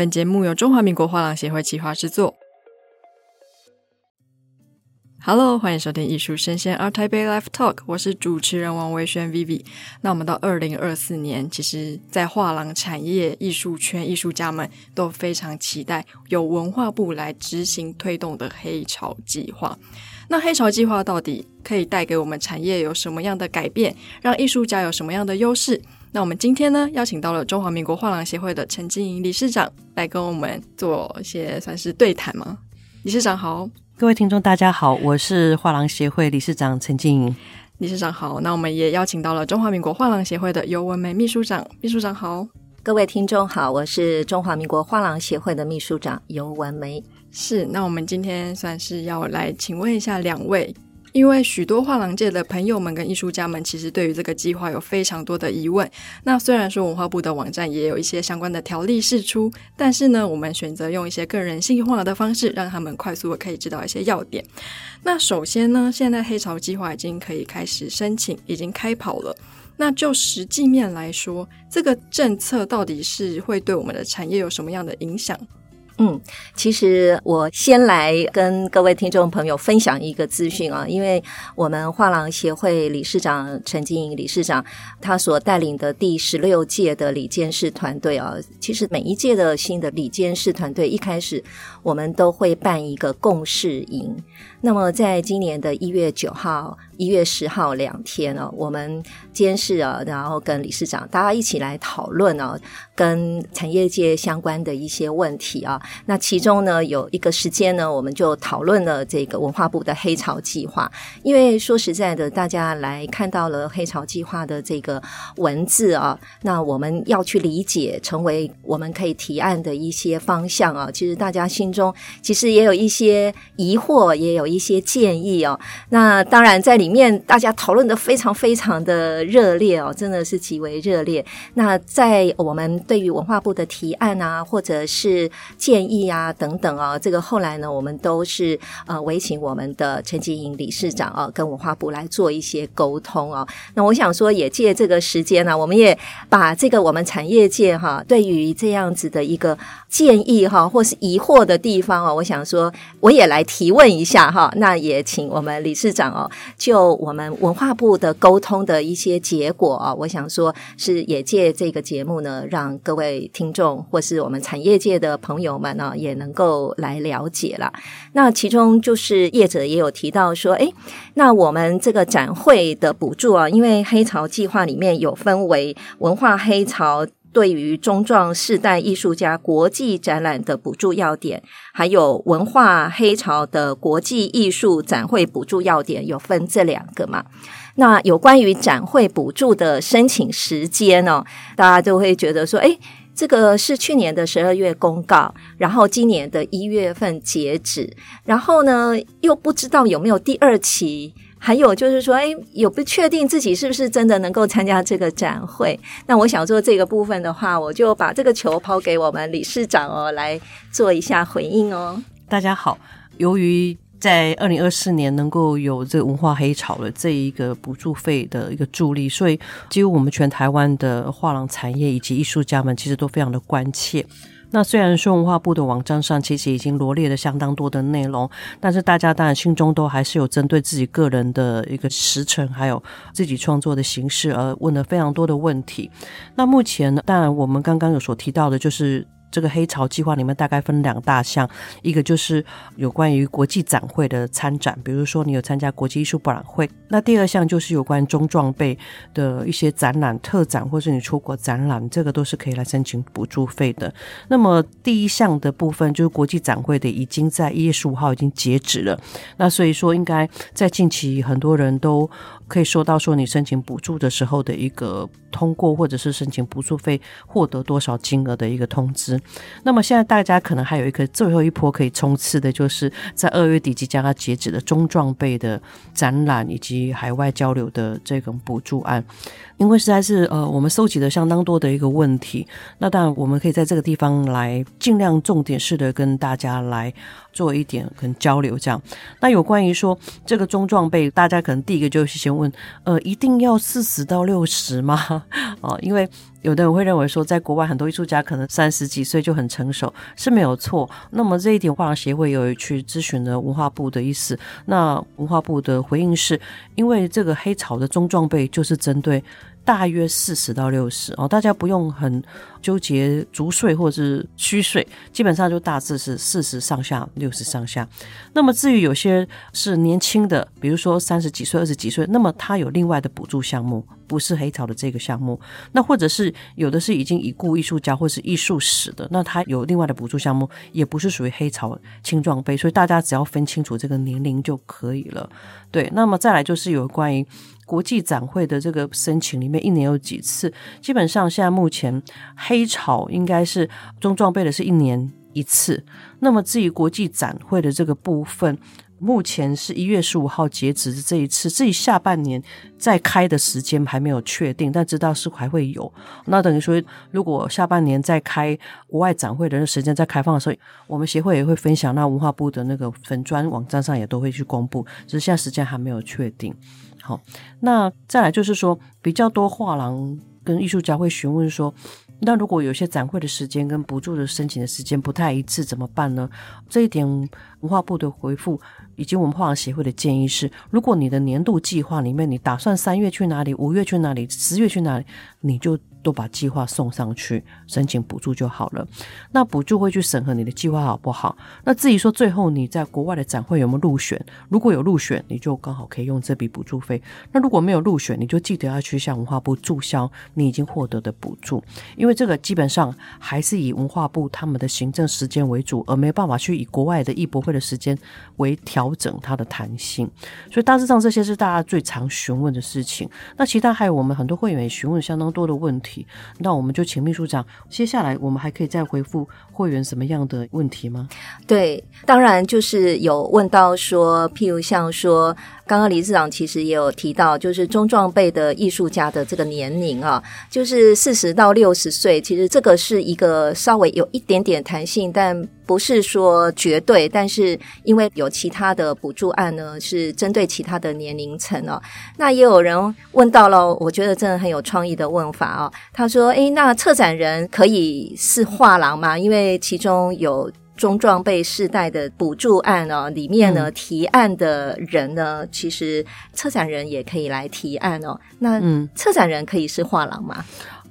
本節目由中華民國畫廊協會企劃製作。Hello，歡迎收聽藝術聲鮮 ART TAIPEI Live Talk，我是主持人王維軒 Vivi。那我們到二零二四年，其實，在畫廊產業、藝術圈，藝術家們都非常期待由文化部來執行推動的黑潮計劃。那黑潮計劃到底可以帶給我們產業有什麼樣的改變，讓藝術家有什麼樣的優勢？那我們今天呢，邀請到了中華民國畫廊協會的陳菁螢理事長來跟我們做些算是對談嘛。理事長好。各位聽眾大家好，我是畫廊協會理事長陳菁螢。理事長好，那我們也邀請到了中華民國畫廊協會的游文玫秘書長。秘書長好。各位聽眾好，我是中華民國畫廊協會的秘書長游文玫。是，那我們今天算是要來請問一下兩位。因為許多畫廊界的朋友們跟藝術家們，其實對於這個計劃有非常多的疑問。那雖然說文化部的網站也有一些相關的條例釋出，但是呢，我們選擇用一些更人性化的方式，讓他們快速的可以知道一些要點。那首先呢，現在黑潮計劃已經可以開始申請，已經開跑了。那就實際面來說，這個政策到底是會對我們的產業有什麼樣的影響？嗯，其實我先來跟各位聽眾朋友分享一個資訊啊，因為我們畫廊協會理事長陳菁螢理事長他所帶領的第十六屆的理監事團隊啊，其實每一屆的新的理監事團隊一開始我們都會辦一個共事營，那麼在今年的一月九號。一月十號兩天哦，我們監事啊，然後跟理事長大家一起來討論哦，跟產業界相關的一些問題啊。那其中呢，有一個時間呢，我們就討論了這個文化部的黑潮計劃。因為說實在的，大家來看到了黑潮計劃的這個文字啊，那我們要去理解成為我們可以提案的一些方向啊。其實大家心中其實也有一些疑惑，也有一些建議哦。那當然在裡面。裡面大家討論的非常非常的熱烈哦，真的是極為熱烈。那在我們對於文化部的提案啊，或者是建議啊等等啊，這個後來呢，我們都是呃，委請我們的陳菁螢理事長啊，跟文化部來做一些溝通啊。那我想說，也借這個時間呢、啊，我們也把這個我們產業界哈、啊、對於這樣子的一個建議哈、啊，或是疑惑的地方哦、啊，我想說，我也來提問一下哈、啊。那也請我們理事長哦、啊，就我們文化部的溝通的一些結果啊，我想說是也借這個節目呢，讓各位聽眾或是我們產業界的朋友們呢、啊，也能夠來了解了。那其中就是業者也有提到說，誒，那我們這個展會的補助啊，因為黑潮計劃裡面有分為文化黑潮。對於中壯世代藝術家國際展覽的補助要點，還有文化黑潮的國際藝術展會補助要點，有分這兩個嘛。那有關於展會補助的申請時間呢、哦，大家都會覺得說，哎，這個是去年的十二月公告，然後今年的一月份截止，然後呢，又不知道有沒有第二期。還有就是說，誒，有不確定自己是不是真的能夠參加這個展會。那我想做這個部分的話，我就把這個球拋給我們理事長哦，來做一下回應哦。大家好，由於在二零二四年能夠有這個文化黑潮的這一個補助費的一個助力，所以幾乎我們全台灣的畫廊產業以及藝術家們其實都非常的關切。那雖然說文化部的網站上其實已經羅列了相當多的內容，但是大家當然心中都還是有針對自己個人的一個時程，還有自己創作的形式而問了非常多的問題。那目前呢，當然我們剛剛有所提到的就是。這個黑潮計劃裡面大概分兩大項，一個就是有關於國際展會的參展，比如說你有參加國際藝術博覽會，那第二項就是有關中壯輩的一些展覽、特展，或是你出國展覽，這個都是可以來申請補助費的。那麼第一項的部分就是國際展會的，已經在一月十五號已經截止了，那所以說應該在近期很多人都。可以收到說你申請補助的時候的一個通過，或者是申請補助費獲得多少金額的一個通知。那麼現在大家可能還有一個最後一波可以衝刺的，就是在二月底即將要截止的中壯輩的展覽以及海外交流的這個補助案，因為實在是呃我們收集的相當多的一個問題。那當然我們可以在這個地方來盡量重點式的跟大家來。做一點可能交流這樣，那有關於說這個中壯輩，大家可能第一個就是先問，呃，一定要四十到六十嗎？哦，因為有的人會認為說，在國外很多藝術家可能三十幾歲就很成熟，是沒有錯。那麼這一點，畫廊協會有去諮詢了文化部的意思，那文化部的回應是因為這個黑潮的中壯輩就是針對。大約四十到六十哦，大家不用很糾結足歲或者是虛歲，基本上就大致是四十上下、六十上下。那麼至於有些是年輕的，比如說三十幾歲、二十幾歲，那麼他有另外的補助項目，不是黑潮的這個項目。那或者是有的是已經已故藝術家或是藝術史的，那他有另外的補助項目，也不是屬於黑潮青壯輩。所以大家只要分清楚這個年齡就可以了。對，那麼再來就是有關於。國際展會的這個申請裡面，一年有幾次？基本上現在目前黑潮應該是中壯輩的是一年一次。那麼至於國際展會的這個部分。目前是一月十五號截止這一次，至於下半年再開的時間還沒有確定，但知道是還會有。那等於說，如果下半年再開國外展會的時間再開放的時候，我們協會也會分享，那文化部的那個粉專網站上也都會去公布。只是現在時間還沒有確定。好，那再來就是說，比較多畫廊跟藝術家會詢問說。那如果有些展會的時間跟補助的申請的時間不太一致，怎麼辦呢？這一點文化部的回覆以及我們畫廊協會的建議是：如果你的年度計劃裡面你打算三月去哪裡，五月去哪裡，十月去哪裡，你就。都把計劃送上去申請補助就好了。那補助會去審核你的計劃好不好？那至於說最後你在國外的展會有沒有入選？如果有入選，你就剛好可以用這筆補助費。那如果沒有入選，你就記得要去向文化部注銷你已經獲得的補助，因為這個基本上還是以文化部他們的行政時間為主，而沒有辦法去以國外的藝博會的時間為調整它的彈性。所以大致上這些是大家最常詢問的事情。那其他還有我們很多會員也詢問相當多的問題。那我們就請秘書長，接下來，我們還可以再回復會員什麼樣的問題嗎？對，當然就是有問到說，譬如像說，剛剛理事長其實也有提到，就是中壯輩的藝術家的這個年齡啊，就是四十到六十歲。其實這個是一個稍微有一點點彈性，但不是說絕對。但是因為有其他的補助案呢，是針對其他的年齡層啊。那也有人問到了，我覺得真的很有創意的問法啊。他說：“哎，那策展人可以是畫廊嗎？因為其中有。”中壯被世代的補助案哦，裡面呢、嗯、提案的人呢，其實策展人也可以來提案哦。那策展人可以是畫廊嗎？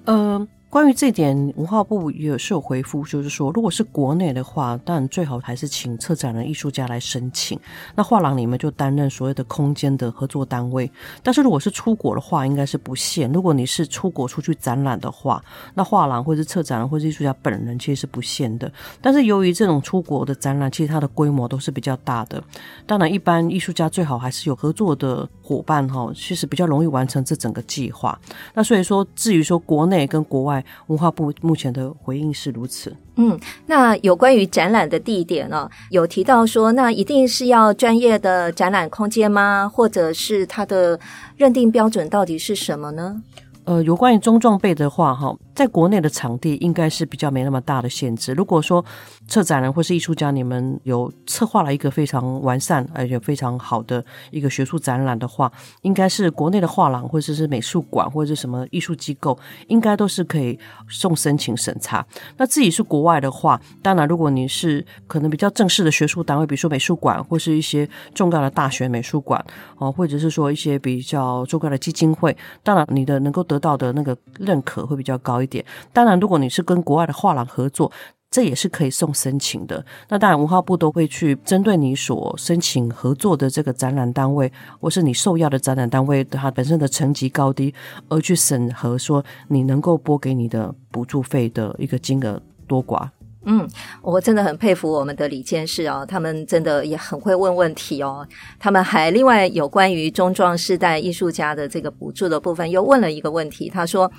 嗯。嗯關於這一點，文化部也是有回復，就是說，如果是國內的話，當然最好還是請策展人、藝術家來申請，那畫廊裡面就擔任所謂的空間的合作單位。但是如果是出國的話，應該是不限。如果你是出國出去展覽的話，那畫廊或是策展人或是藝術家本人其實是不限的。但是由於這種出國的展覽，其實它的規模都是比較大的。當然，一般藝術家最好還是有合作的夥伴哈，其實比較容易完成這整個計劃。那所以說，至於說國內跟國外。文化部目前的回應是如此。嗯，那有關於展覽的地點呢、哦？有提到說，那一定是要專業的展覽空間嗎？或者是它的認定標準到底是什麼呢？呃，有關於中壯輩的話、哦，哈。在國內的場地應該是比較沒那麼大的限制。如果說策展人、或是藝術家，你們有策劃了一個非常完善而且非常好的一個學術展覽的話，應該是國內的畫廊或者是美術館或者是什麼藝術機構，應該都是可以送申請審查。那自己是國外的話，當然如果你是可能比較正式的學術單位，比如說美術館或是一些重要的大學美術館，哦，或者是說一些比較重要的基金會，當然你的能夠得到的那個認可會比較高一點。點當然，如果你是跟國外的畫廊合作，這也是可以送申請的。那當然，文化部都會去針對你所申請合作的這個展覽單位，或是你受邀的展覽單位，它本身的層級高低，而去審核說你能夠撥給你的補助費的一個金額多寡。嗯，我真的很佩服我們的李監事啊，他們真的也很會問問題哦。他們還另外有關於中壯世代藝術家的這個補助的部分，又問了一個問題，他說。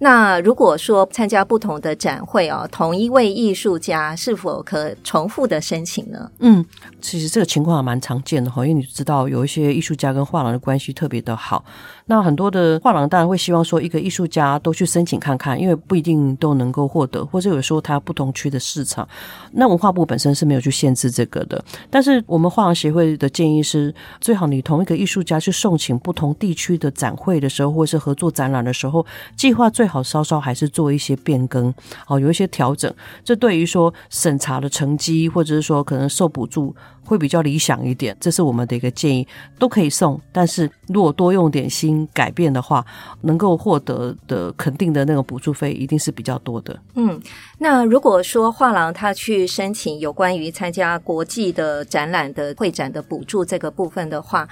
那如果說參加不同的展會哦，同一位藝術家是否可重複的申請呢？嗯，其實這個情況還蠻常見的哈，因為你知道有一些藝術家跟畫廊的關係特別的好，那很多的畫廊當然會希望說一個藝術家都去申請看看，因為不一定都能夠獲得，或者有時候他不同區的市場，那文化部本身是沒有去限制這個的，但是我們畫廊協會的建議是，最好你同一個藝術家去送請不同地區的展會的時候，或者是合作展覽的時候，計劃最好好，稍稍還是做一些變更，好，哦，有一些調整，這對於說審查的成績，或者是說可能受補助會比較理想一點，這是我們的一個建議，都可以送，但是如果多用點心改變的話，能夠獲得的肯定的那個補助費一定是比較多的。嗯，那如果說畫廊他去申請有關於參加國際的展覽的會展的補助這個部分的話。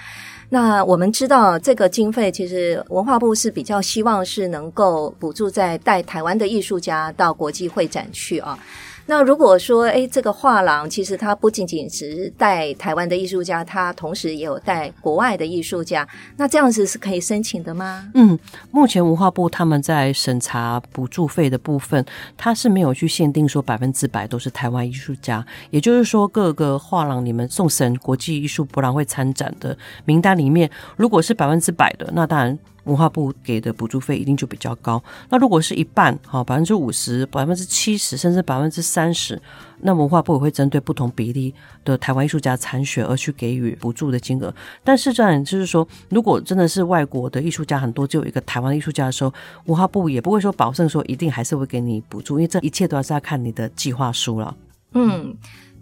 那我們知道，這個經費其實文化部是比較希望是能夠補助在帶台灣的藝術家到國際會展去啊。那如果說，誒，這個畫廊其實它不僅僅只帶台灣的藝術家，它同時也有帶國外的藝術家，那這樣子是可以申請的嗎？嗯，目前文化部他們在審查補助費的部分，它是沒有去限定說百分之百都是台灣藝術家，也就是說各個畫廊你們送審國際藝術博覽會參展的名單裡面，如果是百分之百的，那當然。文化部給的補助費一定就比較高。那如果是一半，好，百分之五十、百分之七十，甚至百分之三十，那文化部也會針對不同比例的台灣藝術家參選而去給予補助的金額。但是這樣就是說，如果真的是外國的藝術家很多，只有一個台灣藝術家的時候，文化部也不會說保證說一定還是會給你補助，因為這一切都還是要看你的計劃書了。嗯。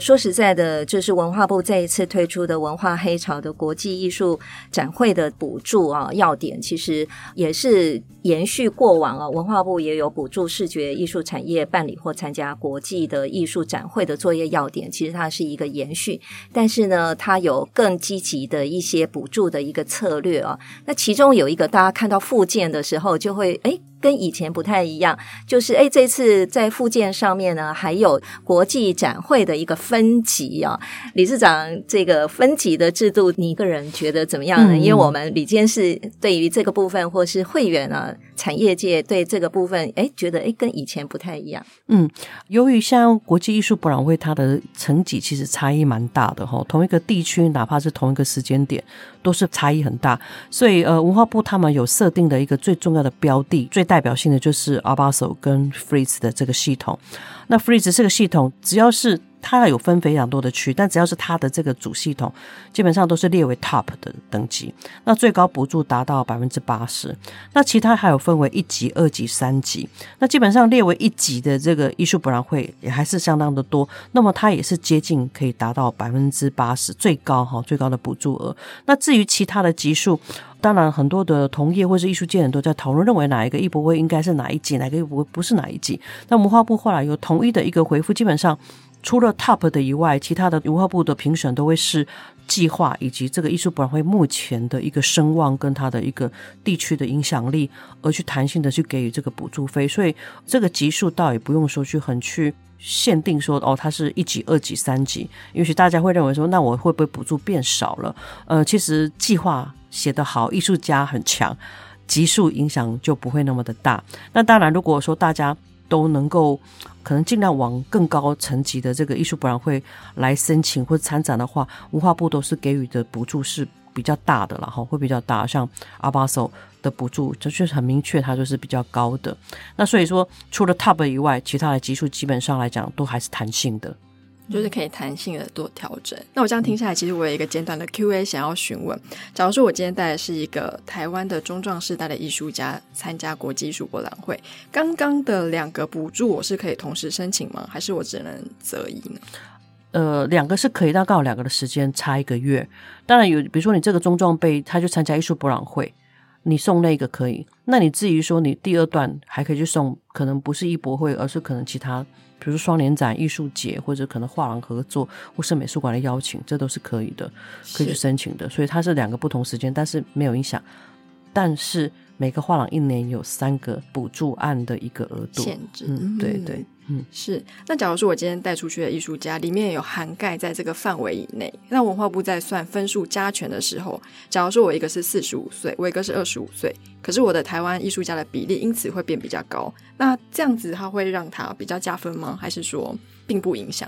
說實在的，就是文化部這一次推出的文化黑潮的國際藝術展會的補助啊，要點其實也是延續過往啊。文化部也有補助視覺藝術產業辦理或參加國際的藝術展會的作業要點，其實它是一個延續，但是呢，它有更積極的一些補助的一個策略啊。那其中有一個大家看到附件的時候就會，誒？跟以前不太一樣，就是哎，這次在附件上面呢，還有國際展會的一個分級啊。理事長，這個分級的制度，你個人覺得怎麼樣呢？嗯、因為我們理監事對於這個部分或是會員呢、啊？產業界對這個部分，哎，覺得哎，跟以前不太一樣。嗯，由於像國際藝術博覽會，它的層級其實差異蠻大的哈。同一個地區，哪怕是同一個時間點，都是差異很大。所以呃，文化部他們有設定的一個最重要的標的，最代表性的就是 Art Basel 跟 Frieze 的這個系統。那 Frieze 這個系統，只要是。它有分非常多的區，但只要是它的這個主系統，基本上都是列為 top 的等級。那最高補助達到百分之八十，那其他還有分為一級、二級、三級。那基本上列為一級的這個藝術博覽會也還是相當的多。那麼它也是接近可以達到百分之八十最高哈，最高的補助額。那至於其他的級數，當然很多的同業或是藝術界很多人在討論，認為哪一個藝博會應該是哪一級，哪個藝博會不是哪一級。那文化部後來有統一的一個回復，基本上。除了 top 的以外，其他的文化部的評審都會是計劃以及這個藝術博覽會目前的一個聲望跟它的一個地區的影響力而去彈性的去給予這個補助費，所以這個級數倒也不用說去很去限定說哦，它是一級、二級、三級，也許大家會認為說，那我會不會補助變少了？呃，其實計劃寫得好，藝術家很強，級數影響就不會那麼的大。那當然，如果說大家。都能夠，可能盡量往更高層級的這個藝術博覽會來申請或參展的話，文化部都是給予的補助是比較大的啦，然後會比較大，像阿巴索的補助，的確很明確，它就是比較高的。那所以說，除了 top 以外，其他的級數基本上來講都還是彈性的。就是可以彈性的做調整。那我這樣聽下來，其實我有一個簡短的 Q&A 想要詢問。假如說我今天帶的是一個台灣的中壯世代的藝術家參加國際藝術博覽會，剛剛的兩個補助我是可以同時申請嗎？還是我只能擇一呢？呃，兩個是可以，大概兩個的時間差一個月。當然有，比如說你這個中壯輩，他就參加藝術博覽會。你送那一個可以，那你至於說你第二段還可以去送，可能不是藝博會，而是可能其他，比如說雙年展、藝術節，或者可能畫廊合作，或是美術館的邀請，這都是可以的，可以去申請的。所以它是兩個不同時間，但是沒有影響。但是每個畫廊一年有三個補助案的一個額度限制，嗯，對對。嗯，是。那假如說我今天帶出去的藝術家裡面有涵蓋在這個範圍以內，那文化部在算分數加權的時候，假如說我一個是四十五歲，我一個是二十五歲，可是我的台灣藝術家的比例因此會變比較高，那這樣子他會讓他比較加分嗎？還是說並不影響？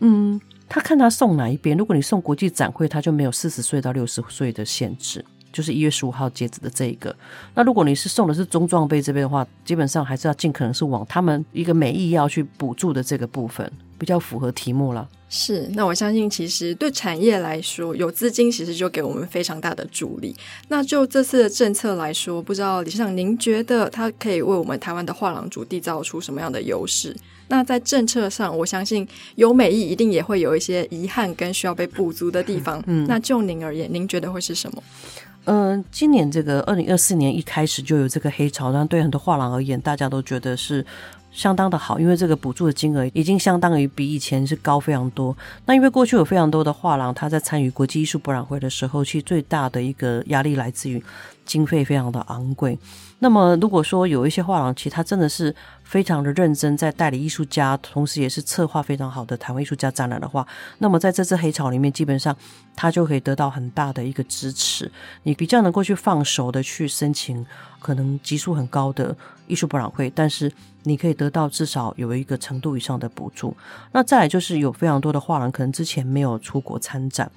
嗯，他看他送哪一邊。如果你送國際展會，他就沒有四十歲到六十歲的限制。就是一月十五號截止的這一個，那如果你是送的是中壯輩這邊的話，基本上還是要盡可能是往他們一個美意要去補助的這個部分比較符合題目了。是，那我相信其實對產業來說，有資金其實就給我們非常大的助力。那就這次的政策來說，不知道理事長您覺得它可以為我們台灣的畫廊主締造出什麼樣的優勢？那在政策上，我相信有美意一定也會有一些遺憾跟需要被補足的地方。嗯，那就您而言，您覺得會是什麼？嗯，今年這個二零二四年一開始就有這個黑潮，但對很多畫廊而言，大家都覺得是相當的好，因為這個補助的金額已經相當於比以前是高非常多。那因為過去有非常多的畫廊，它在參與國際藝術博覽會的時候，其實最大的一個壓力來自於。經費非常的昂貴，那麼如果說有一些畫廊，其實他真的是非常的認真在代理藝術家，同時也是策劃非常好的台灣藝術家展覽的話，那麼在這次黑潮裡面，基本上他就可以得到很大的一個支持，你比較能夠去放手的去申請可能級數很高的藝術博覽會，但是你可以得到至少有一個程度以上的補助。那再來就是有非常多的畫廊，可能之前沒有出國參展。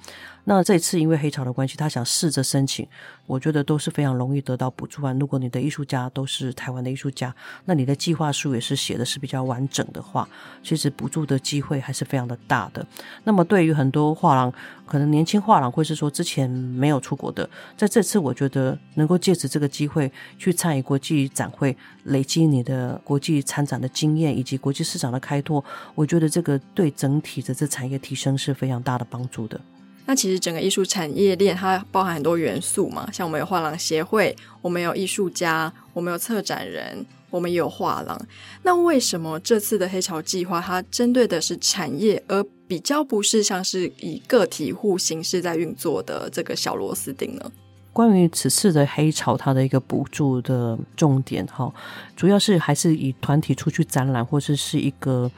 那這次因為黑潮的關係，他想試着申請，我覺得都是非常容易得到補助啊。如果你的藝術家都是台灣的藝術家，那你的計劃書也是寫的是比較完整的話，其實補助的機會還是非常的大的。那麼對於很多畫廊，可能年輕畫廊或是說之前沒有出國的，在這次我覺得能夠借此這個機會去參與國際展會，累積你的國際參展的經驗以及國際市場的開拓，我覺得這個對整體的這產業提升是非常大的幫助的。那其實整個藝術產業鏈它包含很多元素嘛，像我們有畫廊協會，我們有藝術家，我們有策展人，我們也有畫廊。那為什麼這次的黑潮計劃它針對的是產業，而比較不是像是以個體戶形式在運作的這個小螺絲釘呢？關於此次的黑潮，它的一個補助的重點哈，主要是還是以團體出去展覽，或者是一個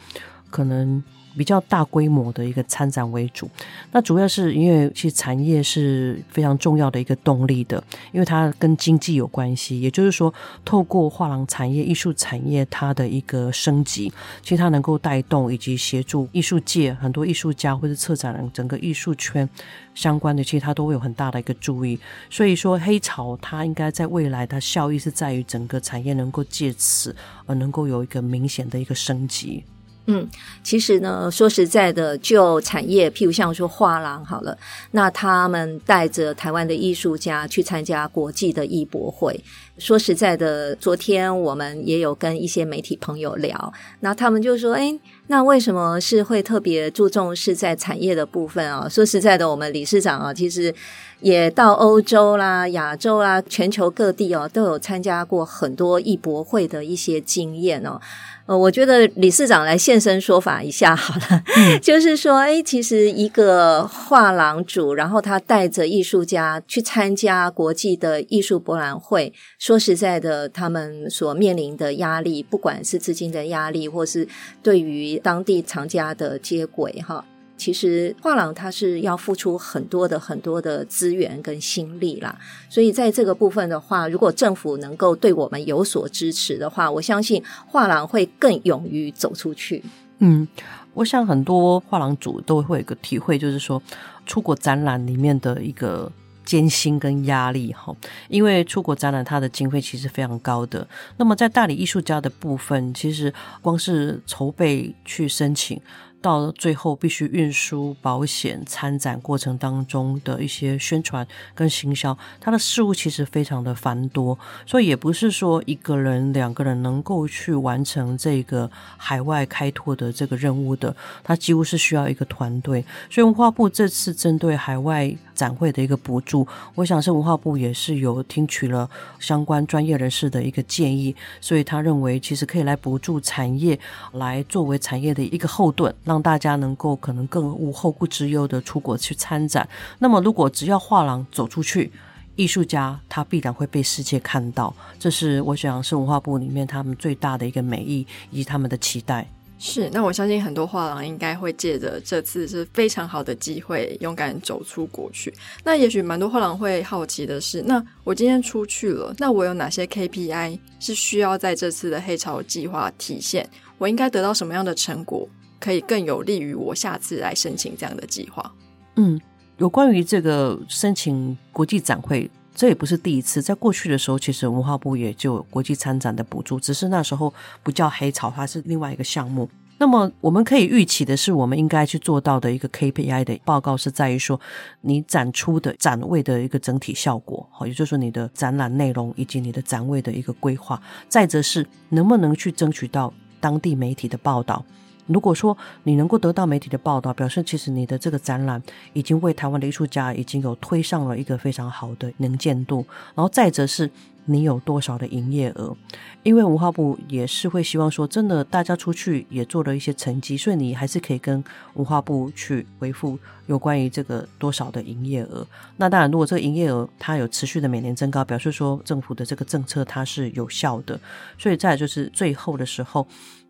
可能。比較大規模的一個參展為主，那主要是因為其實產業是非常重要的一個動力的，因為它跟經濟有關係。也就是說，透過畫廊產業、藝術產業，它的一個升級，其實它能夠帶動以及協助藝術界很多藝術家或者策展人，整個藝術圈相關的，其實它都會有很大的一個助益。所以說，黑潮它應該在未來，它效益是在於整個產業能夠借此而能夠有一個明顯的一個升級。嗯，其實呢，說實在的，就產業，譬如像說畫廊好了，那他們帶着台灣的藝術家去參加國際的藝博會。說實在的，昨天我們也有跟一些媒體朋友聊，那他們就說：“哎，那為什麼是會特別注重是在產業的部分啊？”說實在的，我們理事長啊，其實也到歐洲啦、亞洲啦、全球各地哦、啊，都有參加過很多藝博會的一些經驗哦、啊。呃，我覺得理事長來現身說法一下好了， 就是說，哎，其實一個畫廊主，然後他帶着藝術家去參加國際的藝術博覽會。說實在的，他們所面臨的壓力，不管是資金的壓力，或是對於當地藏家的接軌，哈，其實畫廊它是要付出很多的、很多的資源跟心力啦。所以在這個部分的話，如果政府能夠對我們有所支持的話，我相信畫廊會更勇於走出去。嗯，我想很多畫廊主都會有一個體會，就是說出國展覽裡面的一個。艱辛跟壓力哈，因為出國展覽它的經費其實非常高的。那麼在大理藝術家的部分，其實光是籌備去申請。到最後必須運輸、保險、參展過程當中的一些宣傳跟行銷，他的事務其實非常的繁多，所以也不是說一個人、兩個人能夠去完成這個海外開拓的這個任務的，他幾乎是需要一個團隊。所以文化部這次針對海外展會的一個補助，我想是文化部也是有聽取了相關專業人士的一個建議，所以他認為其實可以來補助產業，來作為產業的一個後盾讓。讓大家能夠可能更無後顧之憂的出國去參展。那麼，如果只要畫廊走出去，藝術家他必然會被世界看到。這是我想，是文化部裡面他們最大的一個美意以及他們的期待。是。那我相信很多畫廊應該會借着這次是非常好的機會，勇敢走出國去。那也許蠻多畫廊會好奇的是，那我今天出去了，那我有哪些 KPI 是需要在這次的黑潮計劃體現？我應該得到什麼樣的成果？可以更有利於我下次來申請這樣的計劃。嗯，有關於這個申請國際展會，這也不是第一次。在過去的時候，其實文化部也就國際參展的補助，只是那時候不叫“黑潮”，它是另外一個項目。那麼我們可以預期的是，我們應該去做到的一個 KPI 的報告是在於說，你展出的展位的一個整體效果，好，也就是說你的展覽內容以及你的展位的一個規劃，再則是能不能去爭取到當地媒體的報道。如果說你能夠得到媒體的報道，表示其實你的這個展覽已經為台灣的藝術家已經有推上了一個非常好的能見度，然後再者是你有多少的營業額，因為文化部也是會希望說，真的大家出去也做了一些成績，所以你還是可以跟文化部去回復有關於這個多少的營業額。那當然，如果這個營業額它有持續的每年增高，表示說政府的這個政策它是有效的。所以再來就是最後的時候。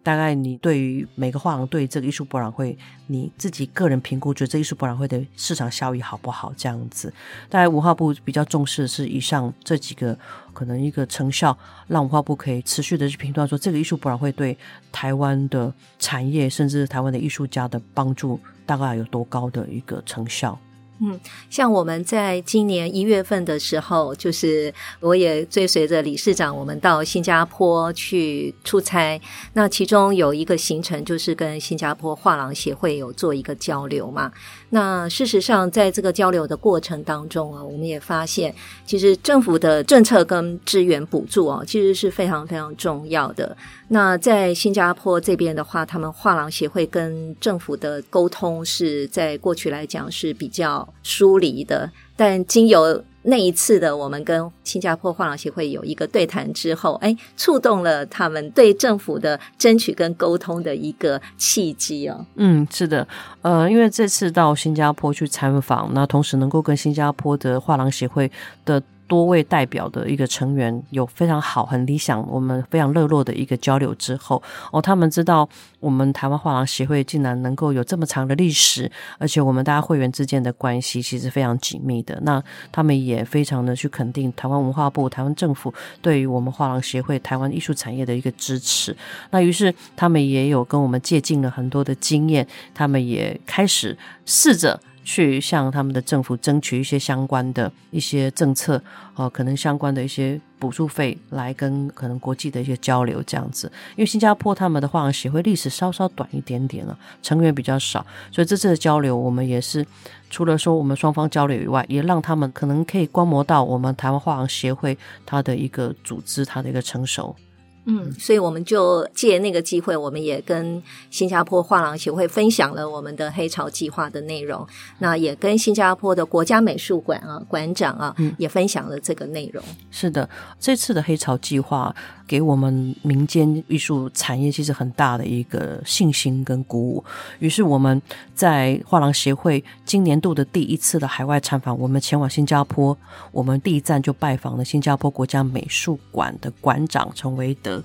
大概你對於每個畫廊，對這個藝術博覽會，你自己個人評估，覺得這藝術博覽會的市場效益好不好？這樣子，大概文化部比較重視的是以上這幾個可能一個成效，讓文化部可以持續的去評斷說這個藝術博覽會對台灣的產業，甚至台灣的藝術家的幫助，大概有多高的一個成效。嗯，像我們在今年一月份的時候，就是我也追隨着理事長，我們到新加坡去出差。那其中有一個行程，就是跟新加坡畫廊協會有做一個交流嘛。那事實上，在這個交流的過程當中啊，我們也發現，其實政府的政策跟資源補助啊，其實是非常非常重要的。那在新加坡這邊的話，他們畫廊協會跟政府的溝通是在過去來講是比較。疏離的，但經由那一次的我們跟新加坡畫廊協會有一個對談之後，哎，觸動了他們對政府的爭取跟溝通的一個契機哦。嗯，是的，呃，因為這次到新加坡去參訪，那同時能夠跟新加坡的畫廊協會的。多位代表的一個成員有非常好、很理想、我們非常熱絡的一個交流之後，哦，他們知道我們台灣畫廊協會竟然能夠有這麼長的歷史，而且我們大家會員之間的關係其實非常緊密的，那他們也非常的去肯定台灣文化部、台灣政府對於我們畫廊協會、台灣藝術產業的一個支持。那於是他們也有跟我們借鑑了很多的經驗，他們也開始試着。去向他們的政府爭取一些相關的一些政策，哦、呃，可能相關的一些補助費，來跟可能國際的一些交流這樣子。因為新加坡他們的畫廊、啊、協會歷史稍稍短一點點了、啊，成員比較少，所以這次的交流我們也是除了說我們雙方交流以外，也讓他們可能可以觀摩到我們台灣畫廊協會它的一個組織，它的一個成熟。嗯，所以我們就借那個機會，我們也跟新加坡畫廊協會分享了我們的黑潮計劃的內容。那也跟新加坡的國家美術館啊，館長啊，嗯，也分享了這個內容。是的，這次的黑潮計劃給我們民間藝術產業其實很大的一個信心跟鼓舞。於是我們在畫廊協會今年度的第一次的海外參訪，我們前往新加坡，我們第一站就拜訪了新加坡國家美術館的館長陳維德。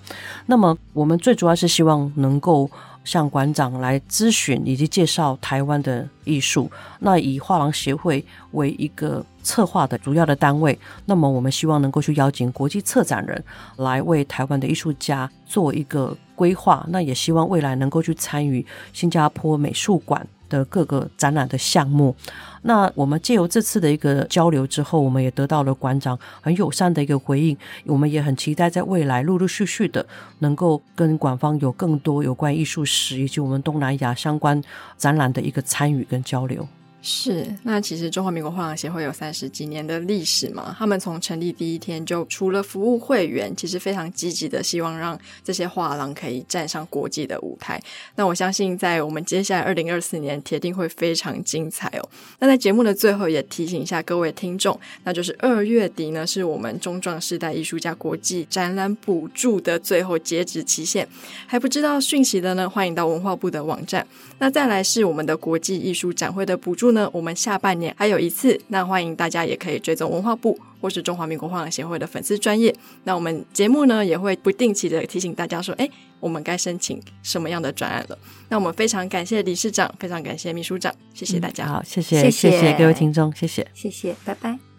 那麼，我們最主要是希望能夠向館長來諮詢以及介紹台灣的藝術。那以畫廊協會為一個策劃的主要的單位，那麼我們希望能夠去邀請國際策展人來為台灣的藝術家做一個規劃。那也希望未來能夠去參與新加坡美術館。的各個展覽的項目，那我們借由這次的一個交流之後，我們也得到了館長很友善的一個回應，我們也很期待在未來陸陸續續的能夠跟館方有更多有關藝術史以及我們東南亞相關展覽的一個參與跟交流。是，那其實中華民國畫廊協會有三十幾年的歷史嘛，他們從成立第一天就除了服務會員，其實非常積極的希望讓這些畫廊可以站上國際的舞台。那我相信在我們接下來二零二四年，鐵定會非常精彩哦。那在節目的最後也提醒一下各位聽眾，那就是二月底呢，是我們中壯世代藝術家國際展覽補助的最後截止期限。還不知道訊息的呢，歡迎到文化部的網站。那再來是我們的國際藝術展會的補助。那我們下半年還有一次，那歡迎大家也可以追蹤文化部或是中華民國畫廊協會的粉絲專頁。那我們節目呢也會不定期的提醒大家說，哎、欸，我們該申請什麼樣的專案了。那我們非常感謝理事長，非常感謝秘書長，謝謝大家，嗯、好，謝謝，謝謝，謝謝各位聽眾，謝謝，謝謝，拜拜。